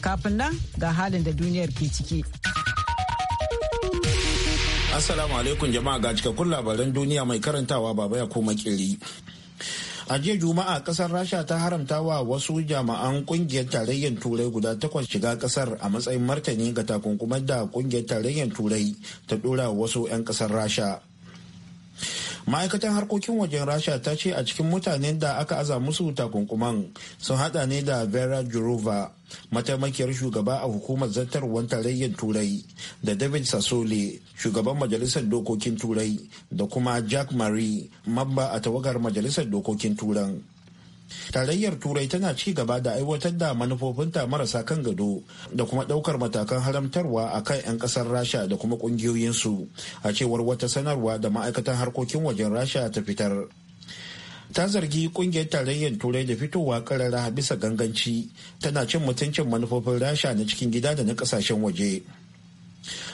Kafin nan ga halin da duniyar ke ciki. Assalamu alaikum jama'a ga cikakkun labaran duniya mai karantawa baba ya koma kiri. a jiya juma'a kasar rasha ta haramta wa wasu jami'an kungiyar tarayyar turai guda takwas shiga kasar a matsayin martani ga takunkumar da kungiyar tarayyar turai ta dora wasu 'yan kasar rasha ma'aikatan harkokin wajen rasha ta ce a cikin mutanen da aka aza musu takunkuman sun hada ne da vera jurova mataimakiyar shugaba a hukumar zartarwar tarayyar turai da david sassoli shugaban majalisar dokokin turai da kuma jack marie mamba a tawagar majalisar dokokin turan tarayyar turai tana ci gaba da aiwatar da manufofinta marasa kan gado da kuma daukar matakan haramtarwa a kan 'yan kasar rasha da kuma kungiyoyinsu a cewar wata sanarwa da ma'aikatan harkokin wajen rasha ta fitar ta zargi kungiyar tarayyar turai da fitowa karara bisa ganganci tana cin mutuncin manufofin rasha na cikin gida da na kasashen waje.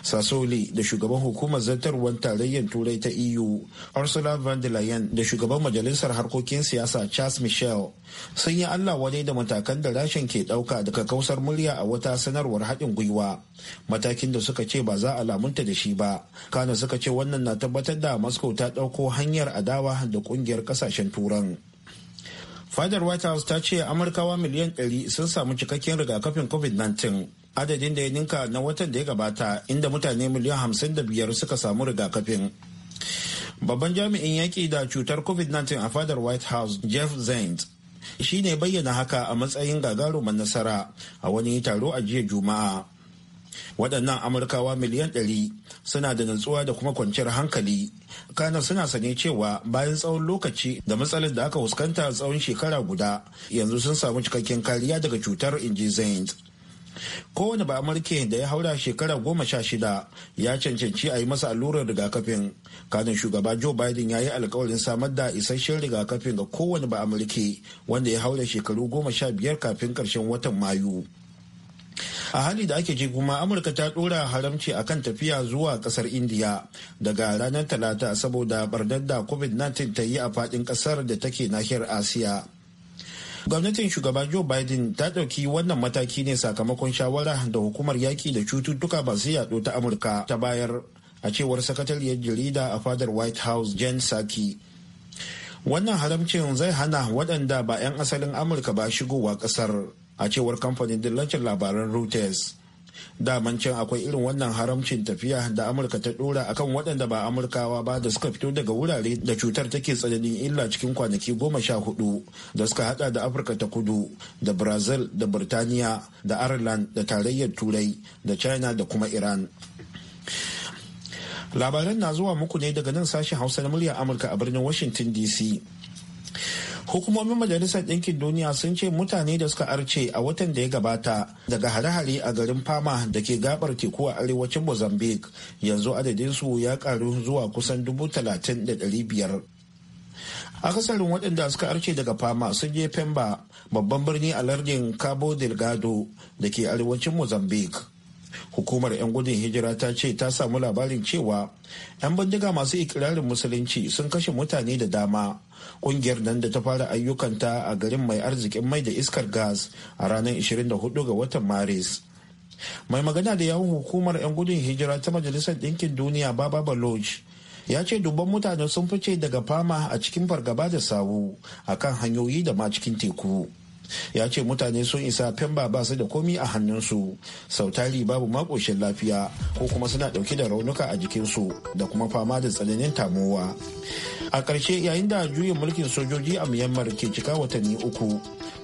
Sasoli da shugaban hukumar zartarwar tarayyar turai ta EU Ursula von der Leyen da shugaban majalisar harkokin siyasa Charles Michel sun yi Allah wadai da matakan da rashin ke ɗauka daga kausar murya a wata sanarwar haɗin gwiwa matakin da suka ce ba za a lamunta da shi ba kana suka ce wannan na tabbatar da Moscow ta ɗauko hanyar adawa da ƙungiyar ƙasashen turan. fadar white house ta ce amurkawa miliyan 100 sun samu cikakken rigakafin covid-19 adadin da ya ninka na watan da ya gabata inda mutane miliyan hamsin da biyar suka samu rigakafin babban jami'in yaƙi da cutar covid-19 a fadar white house jeff zent shi ne bayyana haka a matsayin gagarumar nasara a wani taro a jiya juma'a waɗannan amurkawa miliyan ɗari suna da nutsuwa da kuma kwanciyar hankali kana suna sane cewa bayan tsawon lokaci da matsalar da aka fuskanta tsawon shekara guda yanzu sun samu cikakken kariya daga cutar inji zaint kowane ba amurke da ya haura shekara goma sha shida ya cancanci a yi masa allurar rigakafin kanin shugaba joe biden ya yi alkawarin samar da isasshen rigakafin ga kowane ba amurke wanda ya haura shekaru goma sha biyar kafin karshen watan mayu a hali da ake ji kuma amurka ta dora haramci a kan tafiya zuwa kasar indiya daga ranar talata saboda barnar da covid-19 ta yi a fadin kasar da take nahiyar asiya gwamnatin shugaba joe biden ta ɗauki wannan mataki ne sakamakon shawara da hukumar yaƙi da cututtuka masu yaɗo ta amurka ta bayar a cewar sakatariyar jarida a fadar white house jen saki wannan haramcin zai hana waɗanda ba 'yan asalin amurka ba shigowa ƙasar a cewar kamfanin dillacin labaran reuters daman can akwai irin wannan haramcin tafiya da amurka ta dora akan waɗanda ba amurkawa ba da suka fito daga wurare da cutar take tsananin illa cikin kwanaki goma sha hudu da suka hada da afirka ta kudu da brazil da birtaniya da ireland da tarayyar turai da china da kuma iran labaran na zuwa muku ne daga nan sashen hausa na murya amurka a birnin washington dc hukumomin majalisar ɗinkin duniya sun ce mutane da suka arce a watan da ya gabata daga hare-hare a garin fama da ke gabar teku a arewacin mozambique yanzu adadinsu ya karu zuwa kusan dubu talatin da ɗari biyar akasarin waɗanda suka arce daga fama sun je pemba babban birni a lardin cabo delgado da ke arewacin mozambique hukumar 'yan gudun hijira ta ce ta samu labarin cewa 'yan bindiga masu ikirarin musulunci sun kashe mutane da dama kungiyar nan da ta fara ayyukanta a garin mai arzikin mai da iskar gas a ranar 24 ga watan maris mai magana da yawun hukumar 'yan gudun hijira ta majalisar ɗinkin duniya baba baloch ya ce dubban mutane sun fice daga fama a cikin fargaba da sawu akan hanyoyi da ma cikin teku ya ce mutane sun isa femba ba su da komi a hannunsu sautari babu makoshin lafiya ko kuma suna dauke da raunuka a jikinsu da kuma fama da tsananin tamowa a ƙarshe yayin da juyin mulkin sojoji a myanmar ke cika watanni uku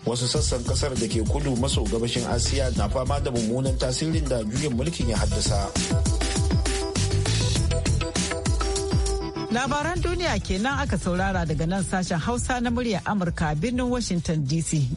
wasu sassan kasar da ke kudu maso gabashin asiya na fama da mummunan tasirin da juyin mulkin ya haddasa Labaran duniya kenan aka saurara daga nan sashen Hausa na murya Amurka birnin Washington DC.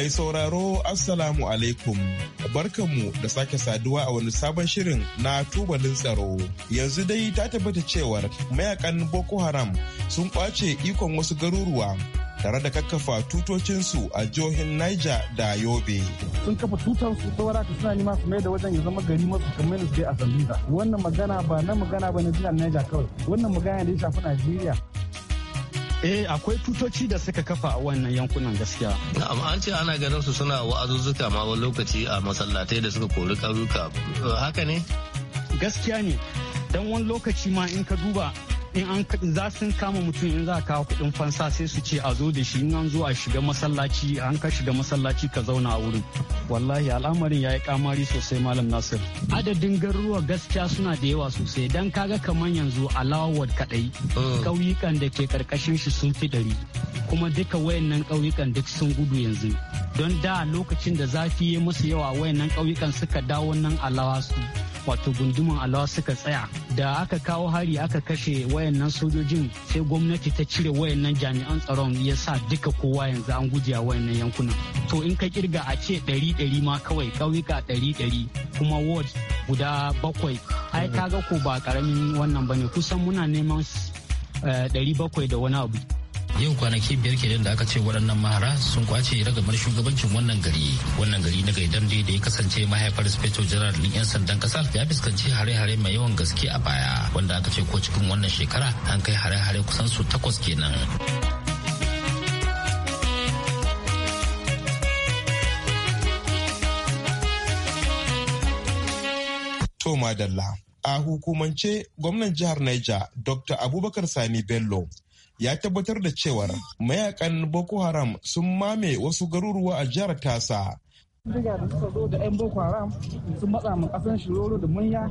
Mai sauraro Assalamu alaikum. Barkanmu da sake saduwa a wani sabon shirin na tubalin tsaro. Yanzu dai ta tabbata cewar mayakan Boko Haram sun kwace ikon wasu garuruwa tare da kakkafa tutocinsu a jihohin Niger da Yobe. Sun kafa tutar su saura ka suna nema su mai da wajen ya zama gari masu kamar dai a Zambiza. Wannan magana ba na magana ba na jihar Niger kawai. Wannan magana da ya shafi Najeriya. eh akwai tutoci da suka kafa a wannan yankunan gaskiya amma an ce ana ganin su suna wa'azuzzuka ma wani lokaci a masallatai da suka kori karuka. haka ne gaskiya ne dan wani lokaci ma in ka duba in an za sun kama mutum in za a kawo kuɗin fansa sai su ce a zo da shi in an zo a shiga masallaci an ka shiga masallaci ka zauna a wurin wallahi al'amarin ya yi kamari sosai malam nasir adadin garuruwa gaskiya suna da yawa sosai dan kaga kaman yanzu alawad kadai mm. ƙauyukan da ke karkashin shi sun fi ɗari kuma duka wayannan ƙauyukan duk sun gudu yanzu don da lokacin da zafi ya masu yawa wayannan ƙauyukan suka dawo nan alawa su wato gunduman alawa suka tsaya da aka kawo hari aka kashe wayannan sojojin sai gwamnati ta cire wayannan jami'an tsaron ya sa duka kowa yanzu an guje a wayannan yankunan to in ka kirga a ce ɗari ɗari ma kawai ƙauyuka ɗari ɗari kuma ward guda bakwai ai kaga ko ba karamin wannan bane kusan muna neman eh, ɗari bakwai da wani abu yau kwanaki biyar kenan da aka ce waɗannan mahara sun kwace ragamar shugabancin wannan gari wannan gari na gaidan da ya kasance mahaifar inspector general din yan sandan kasa ya fuskanci hare-hare mai yawan gaske a baya wanda aka ce ko cikin wannan shekara an kai hare-hare kusan su takwas kenan A hukumance gwamnan jihar Niger Dr. Abubakar Sani Bello ya tabbatar da cewar mayakan Boko Haram sun mame wasu garuruwa a jihar Tasa. Diga da suka zo da 'yan Boko Haram sun matsa mu kasan shiroro da manya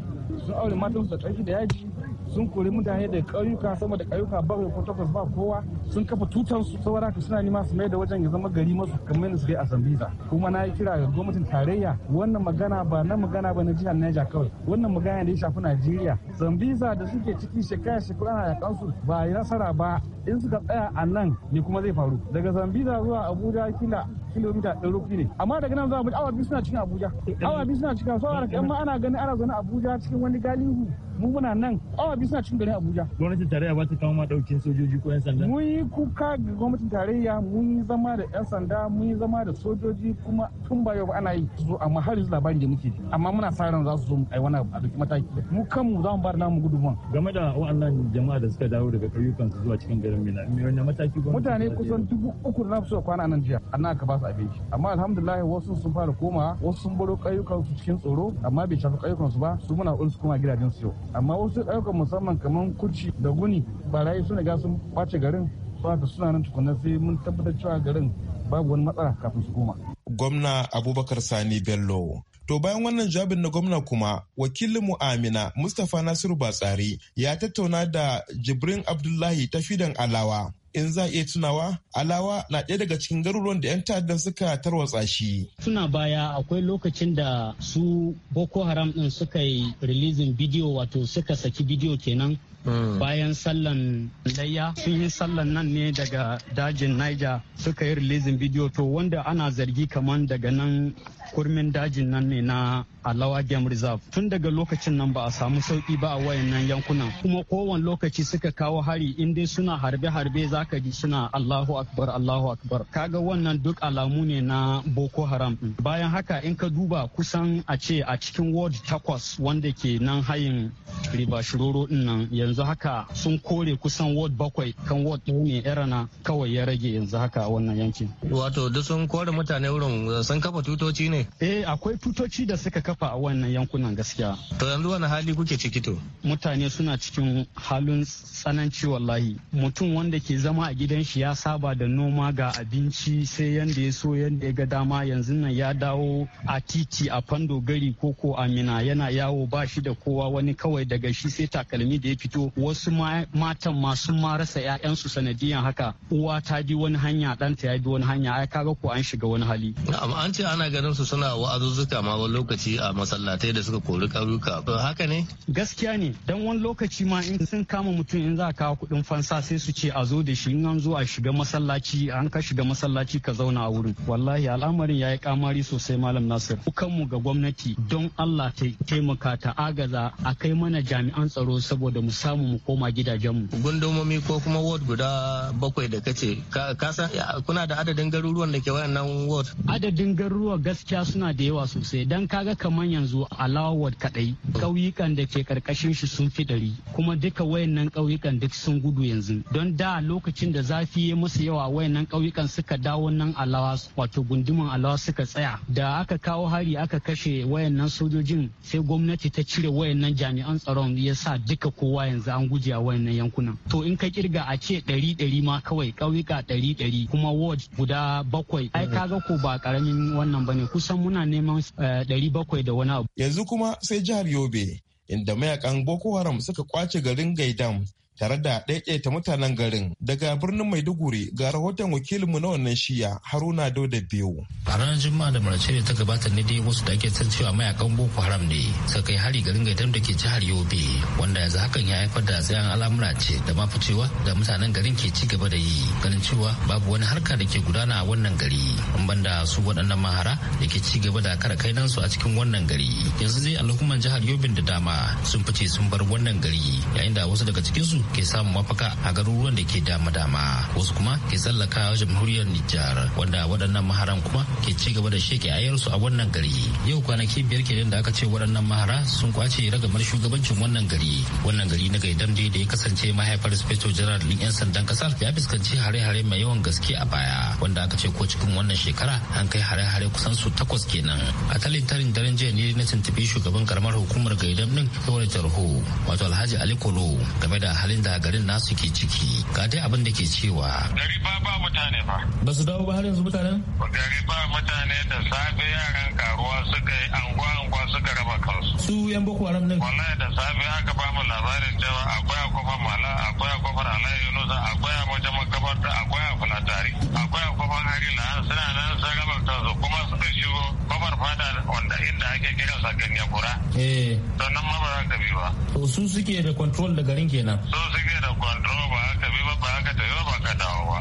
sun aure matan da ƙarfi da yaji sun kori mutane da ƙauyuka sama da ƙauyuka bakwai ko takwas ba kowa sun kafa tutar su saboda haka suna nima su mai da wajen ya zama gari masu kamar su a Zambiza kuma na yi kira ga gwamnatin tarayya wannan magana ba na magana ba na jihar Niger kawai wannan magana da ya shafi Najeriya Zambiza da suke ciki shekara shekara na yakan su ba nasara ba in suka tsaya a nan ne kuma zai faru daga zambiza zuwa abuja kila kilomita ɗari ne amma daga nan zuwa abuja awa biyu suna cikin abuja awa biyu suna cikin saboda kan ma ana ganin ana zaune abuja cikin wani galihu mu muna nan awa biyu suna cikin garin abuja gwamnatin tarayya ba ta kawo ma daukin sojoji ko yan sanda mun yi kuka ga gwamnatin tarayya mun yi zama da yan sanda mun yi zama da sojoji kuma tun ba yau ana yi zo amma har yanzu labarin da muke amma muna sa ran za su zo ai wani a mataki mu kanmu za mu ba da namu gudunmuwa game da wa'annan jama'a da suka dawo daga ƙauyukan su zuwa cikin garin mina me wani mataki gwamnati mutane kusan dubu uku na su kwana nan jiya an aka ba su abinci amma alhamdulillah wasu sun fara koma wasu sun baro ƙauyukan su cikin tsoro amma bai shafi ƙauyukan su ba su muna ulsu kuma gidajen su yau amma wasu ɗaukar musamman kamar kuci da guni barayi sun riga sun ɓace garin ba da suna nan tukunan sai mun tabbatar cewa garin babu wani matsala kafin su koma. Gwamna Abubakar Sani Bello To bayan wannan jabin na gwamna kuma wakilin mu Amina Mustapha Nasiru Batsari ya tattauna da Jibrin Abdullahi ta fidan alawa. In za iya tunawa alawa na ɗaya daga cikin garuruwan da 'yan taadda suka tarwatsa shi suna baya akwai lokacin da su boko haram ɗin suka yi releasing bidiyo wato suka saki bidiyo kenan hmm. bayan sallan layya sun yi sallan nan ne daga dajin niger suka yi releasing bidiyo to wanda ana zargi kaman daga nan kurmin dajin nan ne na alawa game reserve tun daga lokacin nan ba a samu sauki ba a wayannan yankunan kuma kowane lokaci suka kawo hari in dai suna harbe-harbe zaka ji suna allahu akbar Allahu akbar kaga wannan duk alamu ne na Boko Haram bayan haka in ka duba kusan a ce a cikin ward takwas wanda ke nan hayin riba shiroro din nan yanzu haka sun kore kusan ward bakwai kan ward ɗaya ne erana kawai ya rage yanzu haka wannan yankin wato duk sun kore mutane wurin sun kafa tutoci ne eh akwai tutoci da suka kafa a wannan yankunan gaskiya to yanzu wani hali kuke ciki to mutane suna cikin halin tsananci wallahi mutum wanda ke zama a gidan shi ya saba ba da noma ga abinci sai yanda ya so yanda ya ga dama yanzu nan ya dawo a titi a fando gari koko a mina yana yawo ba shi da kowa wani kawai daga shi sai takalmi da ya fito wasu matan ma sun ma rasa 'ya'yansu sanadiyan haka uwa ta bi wani hanya ɗanta ya bi wani hanya ai kaga ko an shiga wani hali. Na'am an ce ana ganin su suna wa'azuzzuka ma wani lokaci a masallatai da suka kori karuka haka ne? Gaskiya ne dan wani lokaci ma in sun kama mutum in za a kawo kuɗin fansa sai su ce a zo da shi in an zo a shiga masallaci masallaci an ka shiga masallaci ka zauna a wurin wallahi al'amarin ya yi kamari sosai malam nasir mu ga gwamnati don allah ta taimaka ta agaza a kai mana jami'an tsaro saboda mu samu mu koma gidajenmu gundumomi ko kuma ward guda bakwai da kace ka san kuna da adadin garuruwan da ke wayannan ward adadin garuruwa gaskiya suna da yawa sosai dan kaga kaman yanzu alawa ward kadai kauyukan da ke karkashin shi sun fi ɗari kuma duka wayannan kauyukan duk sun gudu yanzu don da lokacin da zafi ya musu yawa wayannan ƙauyukan suka dawo nan alawas wato gunduman alawas suka tsaya da aka kawo hari aka kashe wayannan sojojin sai gwamnati ta cire wayannan jami'an tsaron ya sa duka kowa yanzu an guje a wayannan yankunan to in ka kirga a ce ɗari ɗari ma kawai ƙauyuka ɗari ɗari kuma ward guda bakwai ai kaga ko ba ƙaramin wannan bane kusan muna neman eh, ɗari bakwai da wani abu yanzu kuma sai jihar yobe inda mayakan boko haram suka kwace garin gaidam tare da ɗaiɗaita mutanen garin daga birnin maiduguri ga rahoton wakilinmu na wannan shiya haruna dauda biyu a ranar juma'a da marace ne ta gabata ne dai wasu da ake san cewa mayakan boko haram ne suka kai hari garin gaitan da ke jihar yobe wanda yanzu hakan ya haifar da tsayan al'amura ce da ma ficewa da mutanen garin ke ci gaba da yi ganin cewa babu wani harka da ke gudana a wannan gari in banda su waɗannan mahara da ke ci gaba da kara kai su a cikin wannan gari yanzu dai al'umman jihar yobe da dama sun fice sun bar wannan gari yayin da wasu daga cikinsu ke samun mafaka a garuruwan da ke dama-dama wasu kuma ke tsallaka jamhuriyar Nijar wanda waɗannan maharan kuma ke ci gaba da sheke ayarsu a wannan gari yau kwanaki biyar kenan da aka ce waɗannan mahara sun kwace ragamar shugabancin wannan gari wannan gari na gaidan da ya kasance mahaifar Inspector General ɗin 'yan sandan kasar ya fuskanci hare-hare mai yawan gaske a baya wanda aka ce ko cikin wannan shekara an kai hare-hare kusan su takwas kenan a talin tarin daren jiya ne na tuntubi shugaban karamar hukumar gaidan ɗin kawai tarho wato Alhaji Ali Kolo game da halin halin da garin nasu ke ciki ga dai abin da ke cewa gari ba ba mutane ba ba su dawo ba har yanzu mutanen gari ba mutane da safe yaran karuwa suka yi anguwa anguwa suka raba kansu su yan boko haram ne wallahi da safe aka ba mu labarin cewa akwai akwai mala akwai akwai alayi yunusa akwai a wajen da akwai a fulatari akwai akwai na suna nan sun raba kansu kuma suka shigo kofar fada wanda inda ake kiransa ganyakura sannan eh. ma ba za ka bi ba su suke da control da garin kenan ceguera cuando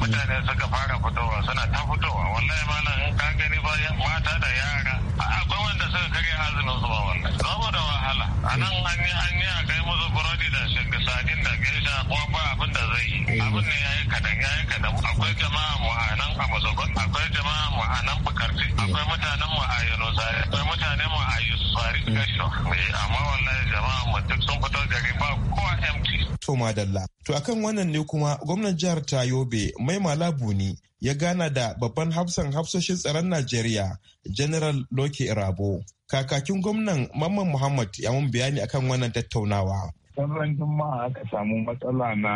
mutane suka fara fitowa suna ta fitowa wallahi malam in ka gani bayan mata da yara akwai wanda suka karya azumin su ba wallahi saboda wahala anan an yi an yi a kai musu burodi da sadin da gaisha ko ba abin da zai yi mm. abin ne ya yi kadan ya yi kadan akwai jama'a mu a nan a mazagon akwai jama'a mu a nan bukarti mm. akwai mutanen mu a yano sare akwai mutane mu a yusufari gashi mm. eh, amma wallahi jama'a mu duk sun fito gari ba kowa empty to madalla to akan wannan ne kuma gwamnan jihar ta yobe mai Ibrahim Malabuni ya gana da babban hafsan hafsoshin tsaron Najeriya General Loke Rabo. Kakakin gwamnan Mamman Muhammad ya mun bayani akan wannan tattaunawa. can ran aka samu matsala na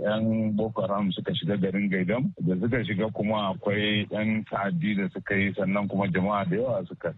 yan boko haram suka shiga garin gaidam da suka shiga kuma akwai yan ta'addi da suka yi sannan kuma jama'a da yawa suka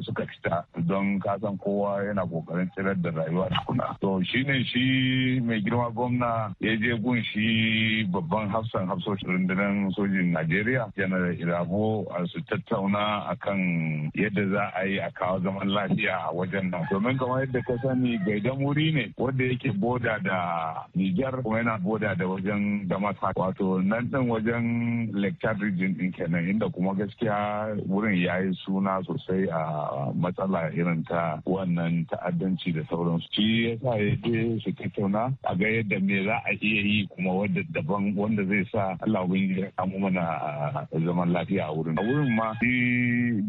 suka fita don kasan kowa yana kokarin tsirar da rayuwa tukuna to shine shi mai girma gwamna ya je gun shi babban hafsan hafsoshin rundunar sojin najeriya janar irabo su tattauna akan yadda za a yi a kawo zaman lafiya a wajen nan domin kamar yadda ka sani gaidam wuri ne wanda yake boda da Nijar kuma yana boda da wajen damaska wato nan din wajen Lake Chad region din kenan inda kuma gaskiya wurin ya yi suna sosai a matsala irin ta wannan ta'addanci da sauransu shi yasa ya je su tattauna a ga yadda me za a iya yi kuma wadda daban wanda zai sa Allah ubangiji ya samu mana zaman lafiya a wurin a wurin ma shi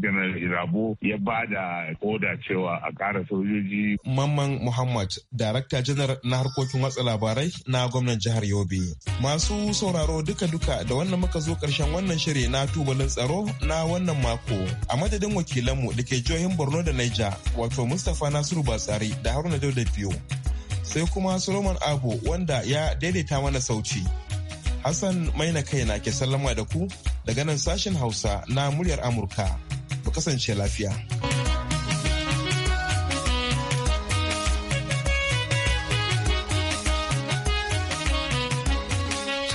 General Irabo ya bada koda cewa a ƙara sojoji Mamman Muhammad Ahmad, Darakta Janar na harkokin watsa labarai na gwamnan jihar Yobe. Masu sauraro duka-duka da wannan muka zo karshen wannan shirin na tubalin tsaro na wannan mako. A madadin wakilanmu da ke jihohin Borno da Niger, wato Mustapha Nasiru Batsari da Haruna da biyu. Sai kuma Solomon Abu wanda ya daidaita mana sauci. Hassan Maina kaina ke sallama da ku daga nan sashen Hausa na muryar Amurka. Ku kasance lafiya.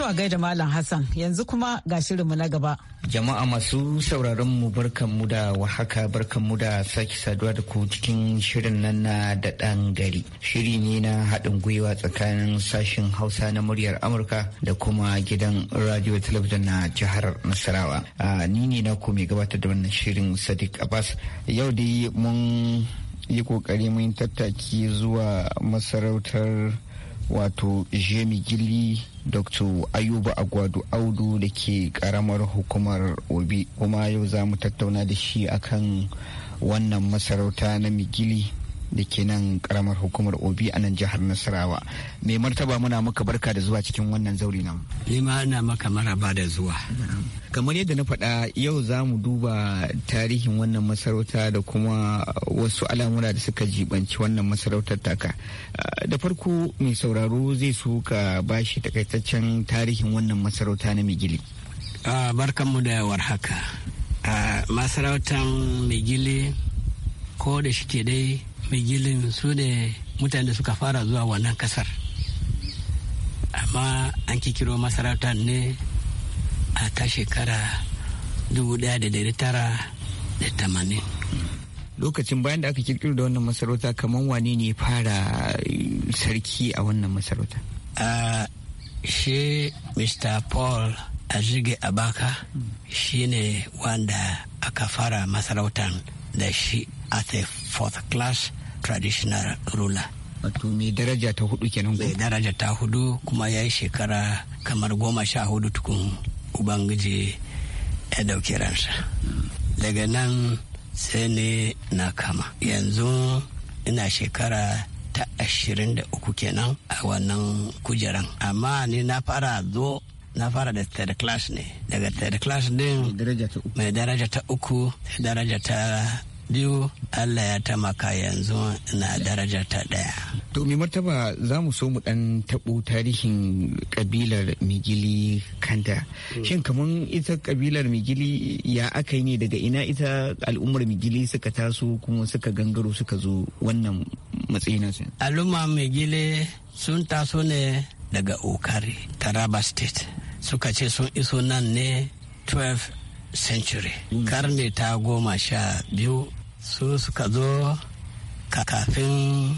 a gaida Malam Hassan yanzu kuma ga shirinmu na gaba. Jama'a masu sauraron mu barkan mu da wahaka mu da sake saduwa da ku cikin shirin nan na da ɗan gari. Shiri ne na haɗin gwiwa tsakanin sashen Hausa na muryar Amurka da kuma gidan radio talabijin na jihar Nasarawa. Ni ne na ku mai gabatar da wannan shirin Sadiq Abbas. Yau dai mun yi kokari mun tattaki zuwa masarautar wato Jemi Gili dr ayuba agwadu audu da ke karamar hukumar obi kuma yau za mu tattauna da shi akan wannan masarauta na migili da ke nan karamar hukumar obi a nan jihar nasarawa mai martaba muna maka barka da zuwa cikin wannan zauri nan ma ana maka maraba da zuwa kamar yadda na faɗa yau za mu duba tarihin wannan masarauta da kuma wasu al'amura da suka jibanci wannan masarautar taka ah, da farko mai sauraro zai so ka bashi takaitaccen tarihin wannan masarauta na migili ah, barkanmu da haka ah, masarautar migili ko da ke dai bigilin su ne mutane da suka fara zuwa wannan kasar amma an kikiro masarauta ne a ta shekara 1980 lokacin bayan da aka kirkiro da wannan masarauta kamar wane ne fara eh, sarki a wannan masarauta a shi mr paul azige abaka shi ne wanda aka fara masarautar da shi as a fourth class traditional ruler wato mai daraja ta hudu kenan mai daraja ta hudu kuma ya yi shekara kamar goma sha hudu tukun ubangiji ya dauki ransa daga nan sai ne na kama yanzu ina shekara ta ashirin da uku kenan a wannan kujeran amma ni na fara zo na fara da third class ne daga third class din mai daraja ta uku daraja ta biyu allah ya tamaka yanzu na daraja ta ɗaya to mai martaba za mu so mu ɗan taɓo tarihin kabilar migili kanta hmm. shin kamar ita kabilar migili ya aka yi ne daga ina ita al'ummar migili suka taso kuma suka gangaro suka zo wannan matsayin nasu Al'umma migili sun taso ne daga okari taraba state suka ce sun iso nan ne 12 century hmm. karne ta goma sha biyu su suka zo kafin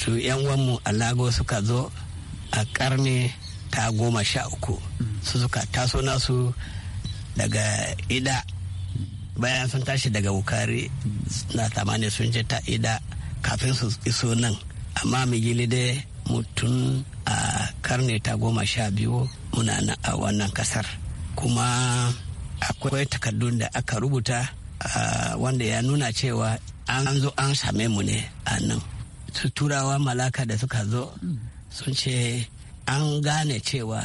su yan a lagos suka zo a karni ta goma sha uku su suka taso nasu daga ida bayan sun tashi daga wukari na tamani sun je ta ida kafin su iso nan amma migili dai mutum a karni ta goma sha biyu muna a wannan kasar kuma akwai takardun da aka rubuta Ah, wanda ya nuna cewa an zo an same mu ne a nan su turawa malaka da suka zo sun ce an gane cewa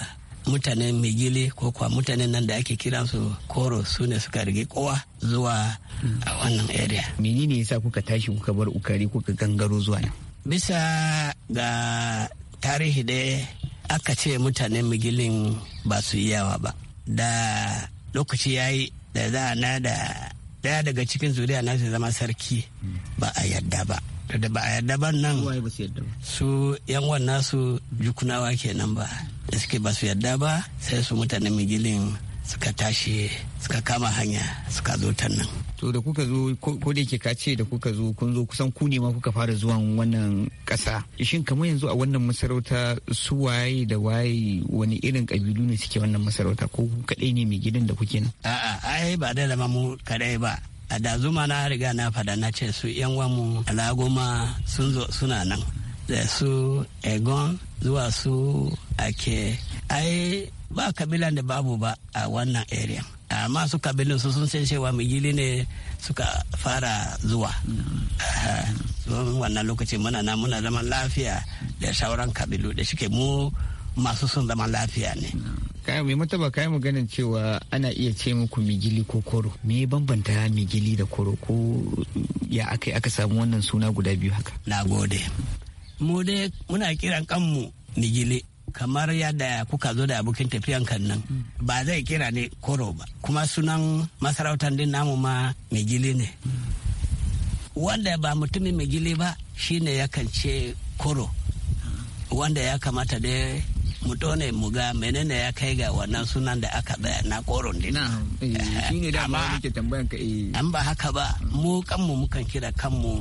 mutanen migili ko kuwa mutanen nan da ake su koro su ne suka rige kowa zuwa a wannan area menene yasa kuka tashi kuka bar ukari kuka gangaro zuwa nan bisa ga tarihi da aka ce mutanen migilin ba su yi yawa ba da lokaci ya yi da za na da daya daga cikin zuriya na su zama sarki ba a yarda ba da ba a yarda ba nan su yan wannan su jukunawa kenan ba da suke ba su yarda ba sai su mutanen migilin suka tashi suka kama hanya suka zo ta nan to da kuka zo ko da yake kace da kuka zo kun zo kusan ku ne ma kuka fara zuwan wannan kasa shin kamar yanzu a wannan masarauta su waye da waye wani irin kabilu ne suke wannan masarauta ko kadai ne mai gidan da kuke nan a'a ai ba da zama mu kadai ba a da zuma na riga na fada na ce su yan mu alagoma sun zo suna nan da su egon zuwa su ake ai ba kabilan da babu ba a wannan area amma su kabilun su sun san cewa migili ne suka fara zuwa mm-hmm. wannan lokaci muna na muna zaman lafiya da sauran kabilu da shike mu masu sun zaman lafiya ne kayan mai mataba kayan maganin cewa ana iya ce muku migili ko koro me bambanta migili da koro ko ya aka aka samu wannan suna guda biyu haka na gode mu dai muna kiran kanmu migili kamar yadda kuka zo da abokin tafiyan kan nan ba zai kira ne koro ba kuma sunan masarautar din namu ma megili ne wanda ba mutumin megili ba shine yakan ce koro wanda ya kamata da mu tone mu ga menene ya kai ga wannan sunan da aka bayar na koro din eh, shine da tambayan an eh. ba haka ba mu kanmu mukan kira kanmu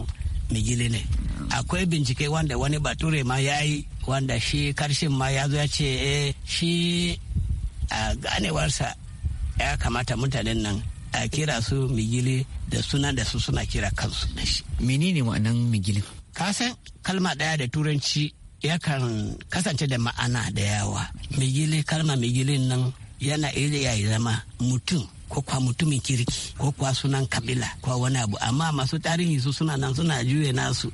Migili ne akwai bincike wanda wani bature ma ya yi wanda shi karshen ma ya zo ya ce eh shi a ganewarsa ya kamata mutanen nan a kira su migili da suna da su suna kira kansu da shi menene ma'anan migili. kasan kalma daya da turanci yakan kasance da ma'ana da yawa migili kalma migilin nan yana iya ya zama mutum ko kwa mutumin kirki ko kwa sunan kabila ko wani abu amma masu tarihi su suna nan suna juye nasu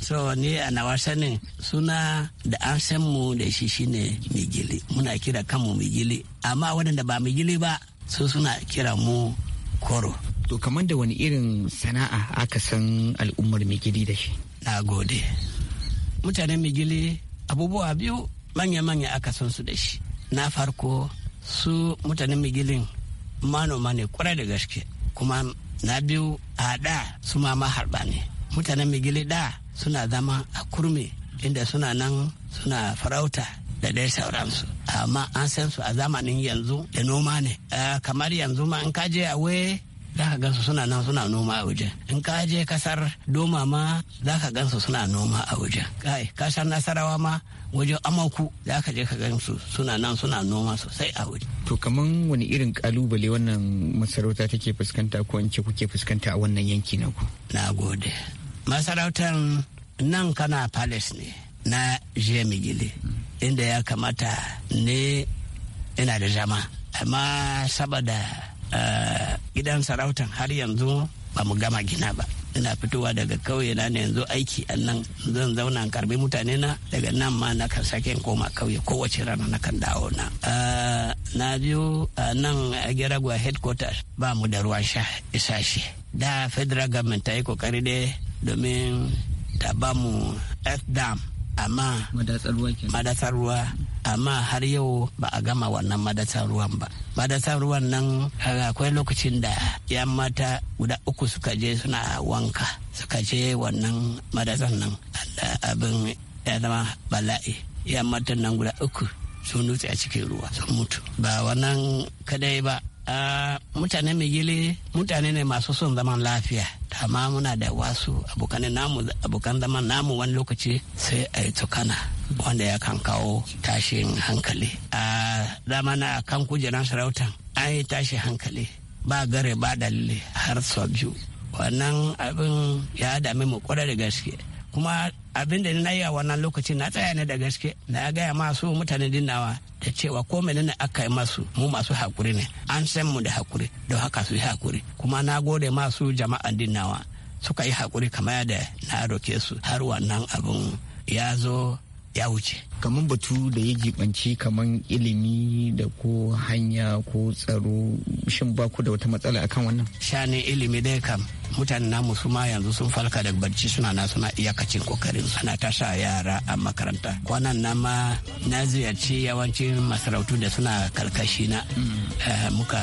so ni a nawa sanin suna da an san mu da shi shine migili muna kira kanmu migili amma waɗanda ba migili ba su suna kira mu koro to kamar da wani irin sana'a aka san al'ummar migili da shi na gode mutanen migili abubuwa biyu manya-manya aka san su da shi na farko su mutanen migilin manoma ne kwarai da gaske kuma na biyu a da su ma harba ne mutanen migili da suna zama a kurmi inda suna nan suna farauta da dai sauransu amma an san su a zamanin yanzu da noma ne kamar yanzu ma in ka je a waye za ka gansu suna nan suna noma a wajen in ka je kasar doma ma za ka gansu suna noma a wajen kai kasar nasarawa ma wajen amaku da aka je ka gani su suna nan suna noma sosai a wuri. To kaman wani irin kalubale wannan masarauta take fuskanta ko in ce kuke fuskanta a wannan yanki na ku. Na gode. Masarautar nan kana palace ne na Jemigili inda ya kamata ne ina da zama. Amma saboda eh, gidan sarautan har yanzu ba mu gama gina ba. ina fitowa daga kauye na yanzu aiki a nan zan zauna karbi mutane na daga nan ma na kan sake koma kauye kowace rana na kan dawo na ah, na biyu a ah, nan a geragwa headquarters ba mu da ruwan sha isashe da federal government ta yi kokari dai domin ta ba mu dam amma madatsar ruwa amma har yau ba a gama wannan madatsar ruwan ba madatsar ruwan nan akwai lokacin da yan mata guda uku suka je suna wanka suka je wannan madatsar nan abin ya zama bala'i yan mata nan guda uku sun nutse a cikin ruwa sun mutu ba wannan kadai ba ah, mutane mai gili mutane ne masu son zaman lafiya dama muna da wasu abokan namu abokan zama namu wani lokaci sai a yi tukana wanda ya kan kawo tashin hankali a dama na kan kujeran sarautan an yi tashi hankali ba gare ba dalili har sau biyu wannan abin ya dami mu kwarar da gaske kuma abin da na yi a wannan lokacin na tsaya ne da gaske na gaya masu mutane dinawa da cewa ko menene aka yi masu mu masu hakuri ne an san mu da hakuri da haka su yi hakuri kuma na gode masu jama'an dinawa suka yi hakuri kamar yadda na roke su har wannan abun ya zo ya wuce kamar batu da ya jibanci kamar ilimi da ko hanya ko tsaro shin ba ku da wata matsala akan wannan shani ilimi dai kam mutane namu su ma yanzu sun falka daga barci suna na suna iyakacin kokarin ana sa yara a makaranta kwanan na ma na ziyarci yawancin masarautu da suna karkashi na mm. eh, muka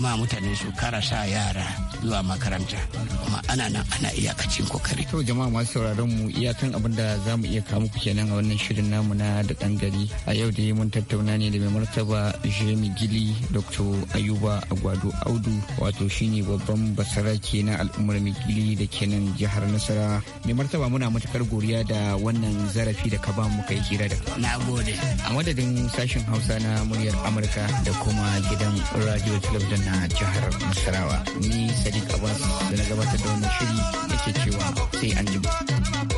ma mutane su kara sa yara zuwa makaranta kuma ana nan ana iyakacin kokari. To jama'a masu sauraron mu iyakan abin da za mu iya kawo muku kenan a wannan shirin namu na da ɗan gari a yau da mun tattauna ne da mai martaba Jeremy Gili Dr. Ayuba Agwado Audu wato shine babban basarake na al'ummar Migili da kenan jihar Nasara. Mai martaba muna matukar goriya da wannan zarafi da ka ba mu kai hira da. Na gode. A madadin sashen Hausa na muryar Amurka da kuma gidan radio talabijin na jihar Nasarawa. Ni Sadiq Abbas da na gabatar da wannan shiri yake cewa sai an jima.